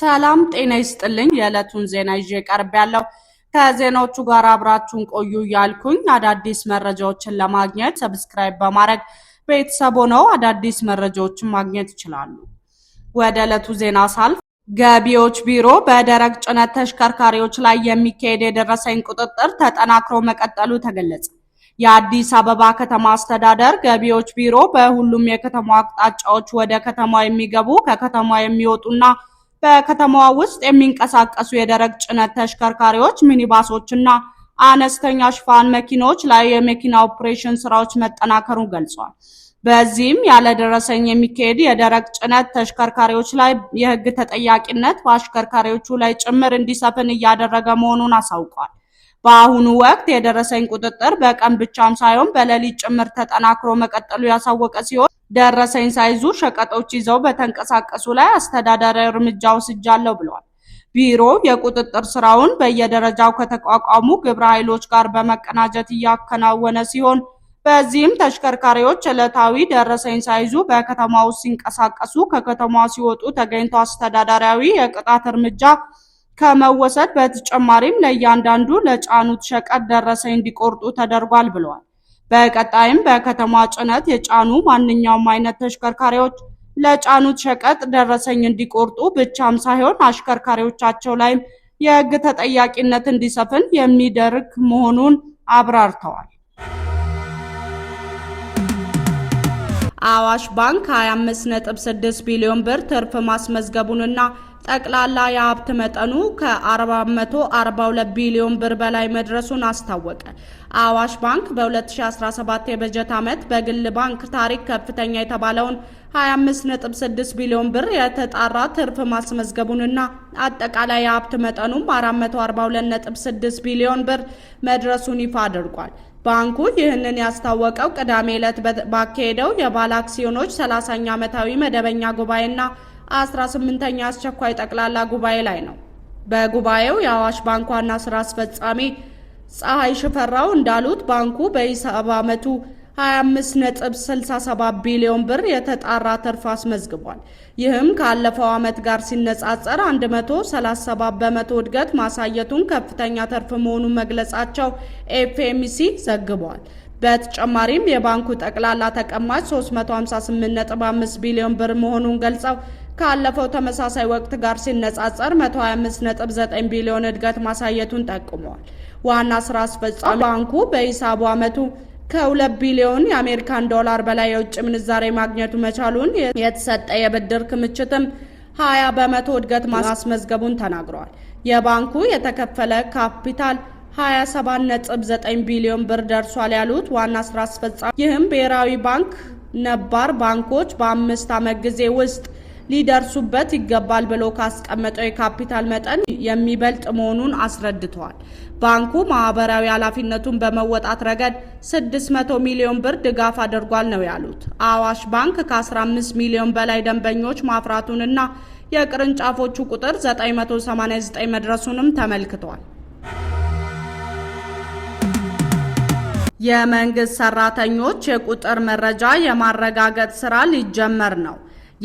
ሰላም ጤና ይስጥልኝ። የዕለቱን ዜና ይዤ ቀርብ ያለው ከዜናዎቹ ጋር አብራችሁን ቆዩ እያልኩኝ አዳዲስ መረጃዎችን ለማግኘት ሰብስክራይብ በማድረግ ቤተሰብ ሆነው አዳዲስ መረጃዎችን ማግኘት ይችላሉ። ወደ ዕለቱ ዜና ሳልፍ ገቢዎች ቢሮ በደረቅ ጭነት ተሽከርካሪዎች ላይ የሚካሄድ የደረሰኝ ቁጥጥር ተጠናክሮ መቀጠሉ ተገለጸ። የአዲስ አበባ ከተማ አስተዳደር ገቢዎች ቢሮ በሁሉም የከተማ አቅጣጫዎች ወደ ከተማ የሚገቡ ከከተማ የሚወጡና በከተማዋ ውስጥ የሚንቀሳቀሱ የደረቅ ጭነት ተሽከርካሪዎች፣ ሚኒባሶች እና አነስተኛ ሽፋን መኪኖች ላይ የመኪና ኦፕሬሽን ስራዎች መጠናከሩን ገልጿል። በዚህም ያለደረሰኝ የሚካሄድ የደረቅ ጭነት ተሽከርካሪዎች ላይ የህግ ተጠያቂነት በአሽከርካሪዎቹ ላይ ጭምር እንዲሰፍን እያደረገ መሆኑን አሳውቋል። በአሁኑ ወቅት የደረሰኝ ቁጥጥር በቀን ብቻም ሳይሆን በሌሊት ጭምር ተጠናክሮ መቀጠሉ ያሳወቀ ሲሆን ደረሰኝ ሳይዙ ሸቀጦች ይዘው በተንቀሳቀሱ ላይ አስተዳደራዊ እርምጃ ወስጃለሁ ብለዋል። ቢሮው የቁጥጥር ስራውን በየደረጃው ከተቋቋሙ ግብረ ኃይሎች ጋር በመቀናጀት እያከናወነ ሲሆን በዚህም ተሽከርካሪዎች ዕለታዊ ደረሰኝ ሳይዙ በከተማ ውስጥ ሲንቀሳቀሱ ከከተማ ሲወጡ ተገኝቶ አስተዳደራዊ የቅጣት እርምጃ ከመወሰድ በተጨማሪም ለእያንዳንዱ ለጫኑት ሸቀጥ ደረሰኝ እንዲቆርጡ ተደርጓል ብለዋል። በቀጣይም በከተማ ጭነት የጫኑ ማንኛውም አይነት ተሽከርካሪዎች ለጫኑት ሸቀጥ ደረሰኝ እንዲቆርጡ ብቻም ሳይሆን አሽከርካሪዎቻቸው ላይም የሕግ ተጠያቂነት እንዲሰፍን የሚደርግ መሆኑን አብራርተዋል። አዋሽ ባንክ 256 ቢሊዮን ብር ትርፍ ማስመዝገቡንና ጠቅላላ የሀብት መጠኑ ከ442 ቢሊዮን ብር በላይ መድረሱን አስታወቀ። አዋሽ ባንክ በ2017 የበጀት ዓመት በግል ባንክ ታሪክ ከፍተኛ የተባለውን 25.6 ቢሊዮን ብር የተጣራ ትርፍ ማስመዝገቡንና አጠቃላይ የሀብት መጠኑም 442.6 ቢሊዮን ብር መድረሱን ይፋ አድርጓል። ባንኩ ይህንን ያስታወቀው ቅዳሜ ዕለት ባካሄደው የባለ አክሲዮኖች 30ኛ ዓመታዊ መደበኛ ጉባኤና 18ኛ አስቸኳይ ጠቅላላ ጉባኤ ላይ ነው። በጉባኤው የአዋሽ ባንክ ዋና ስራ አስፈጻሚ ፀሐይ ሽፈራው እንዳሉት ባንኩ በሂሳብ ዓመቱ 25.67 ቢሊዮን ብር የተጣራ ትርፍ አስመዝግቧል። ይህም ካለፈው ዓመት ጋር ሲነጻጸር 137 በመቶ እድገት ማሳየቱን ከፍተኛ ትርፍ መሆኑን መግለጻቸው ኤፍኤምሲ ዘግቧል። በተጨማሪም የባንኩ ጠቅላላ ተቀማጭ 358.5 ቢሊዮን ብር መሆኑን ገልጸው ካለፈው ተመሳሳይ ወቅት ጋር ሲነጻጸር 125.9 ቢሊዮን እድገት ማሳየቱን ጠቁመዋል። ዋና ስራ አስፈጻሚ ባንኩ በሂሳቡ ዓመቱ ከሁለት ቢሊዮን የአሜሪካን ዶላር በላይ የውጭ ምንዛሬ ማግኘቱ መቻሉን የተሰጠ የብድር ክምችትም ሀያ በመቶ እድገት ማስመዝገቡን ተናግረዋል። የባንኩ የተከፈለ ካፒታል 27.9 ቢሊዮን ብር ደርሷል ያሉት ዋና ስራ አስፈጻሚ፣ ይህም ብሔራዊ ባንክ ነባር ባንኮች በአምስት ዓመት ጊዜ ውስጥ ሊደርሱበት ይገባል ብሎ ካስቀመጠው የካፒታል መጠን የሚበልጥ መሆኑን አስረድተዋል። ባንኩ ማህበራዊ ኃላፊነቱን በመወጣት ረገድ 600 ሚሊዮን ብር ድጋፍ አድርጓል ነው ያሉት። አዋሽ ባንክ ከ15 ሚሊዮን በላይ ደንበኞች ማፍራቱንና የቅርንጫፎቹ ቁጥር 989 መድረሱንም ተመልክቷል። የመንግስት ሰራተኞች የቁጥር መረጃ የማረጋገጥ ስራ ሊጀመር ነው።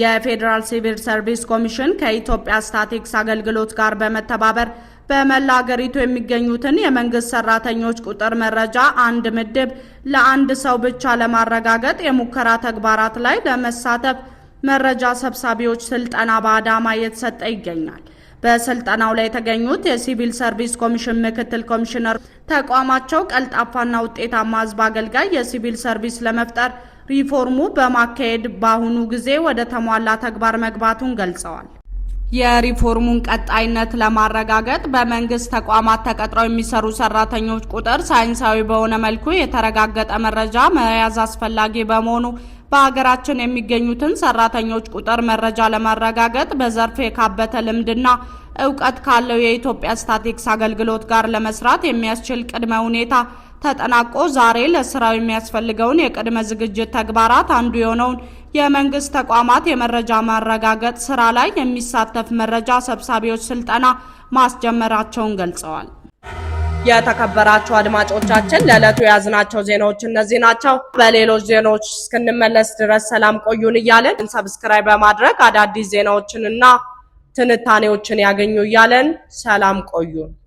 የፌዴራል ሲቪል ሰርቪስ ኮሚሽን ከኢትዮጵያ ስታቲክስ አገልግሎት ጋር በመተባበር በመላ አገሪቱ የሚገኙትን የመንግስት ሰራተኞች ቁጥር መረጃ አንድ ምድብ ለአንድ ሰው ብቻ ለማረጋገጥ የሙከራ ተግባራት ላይ ለመሳተፍ መረጃ ሰብሳቢዎች ስልጠና በአዳማ እየተሰጠ ይገኛል። በስልጠናው ላይ የተገኙት የሲቪል ሰርቪስ ኮሚሽን ምክትል ኮሚሽነር ተቋማቸው ቀልጣፋና ውጤታማ ህዝብ አገልጋይ የሲቪል ሰርቪስ ለመፍጠር ሪፎርሙ በማካሄድ በአሁኑ ጊዜ ወደ ተሟላ ተግባር መግባቱን ገልጸዋል። የሪፎርሙን ቀጣይነት ለማረጋገጥ በመንግስት ተቋማት ተቀጥረው የሚሰሩ ሰራተኞች ቁጥር ሳይንሳዊ በሆነ መልኩ የተረጋገጠ መረጃ መያዝ አስፈላጊ በመሆኑ በሀገራችን የሚገኙትን ሰራተኞች ቁጥር መረጃ ለማረጋገጥ በዘርፍ የካበተ ልምድና እውቀት ካለው የኢትዮጵያ ስታቲክስ አገልግሎት ጋር ለመስራት የሚያስችል ቅድመ ሁኔታ ተጠናቆ ዛሬ ለስራው የሚያስፈልገውን የቅድመ ዝግጅት ተግባራት አንዱ የሆነውን የመንግስት ተቋማት የመረጃ ማረጋገጥ ስራ ላይ የሚሳተፍ መረጃ ሰብሳቢዎች ስልጠና ማስጀመራቸውን ገልጸዋል። የተከበራችሁ አድማጮቻችን ለዕለቱ የያዝናቸው ዜናዎች እነዚህ ናቸው። በሌሎች ዜናዎች እስክንመለስ ድረስ ሰላም ቆዩን እያለን ሰብስክራይብ በማድረግ አዳዲስ ዜናዎችንና ትንታኔዎችን ያገኙ እያለን ሰላም ቆዩን።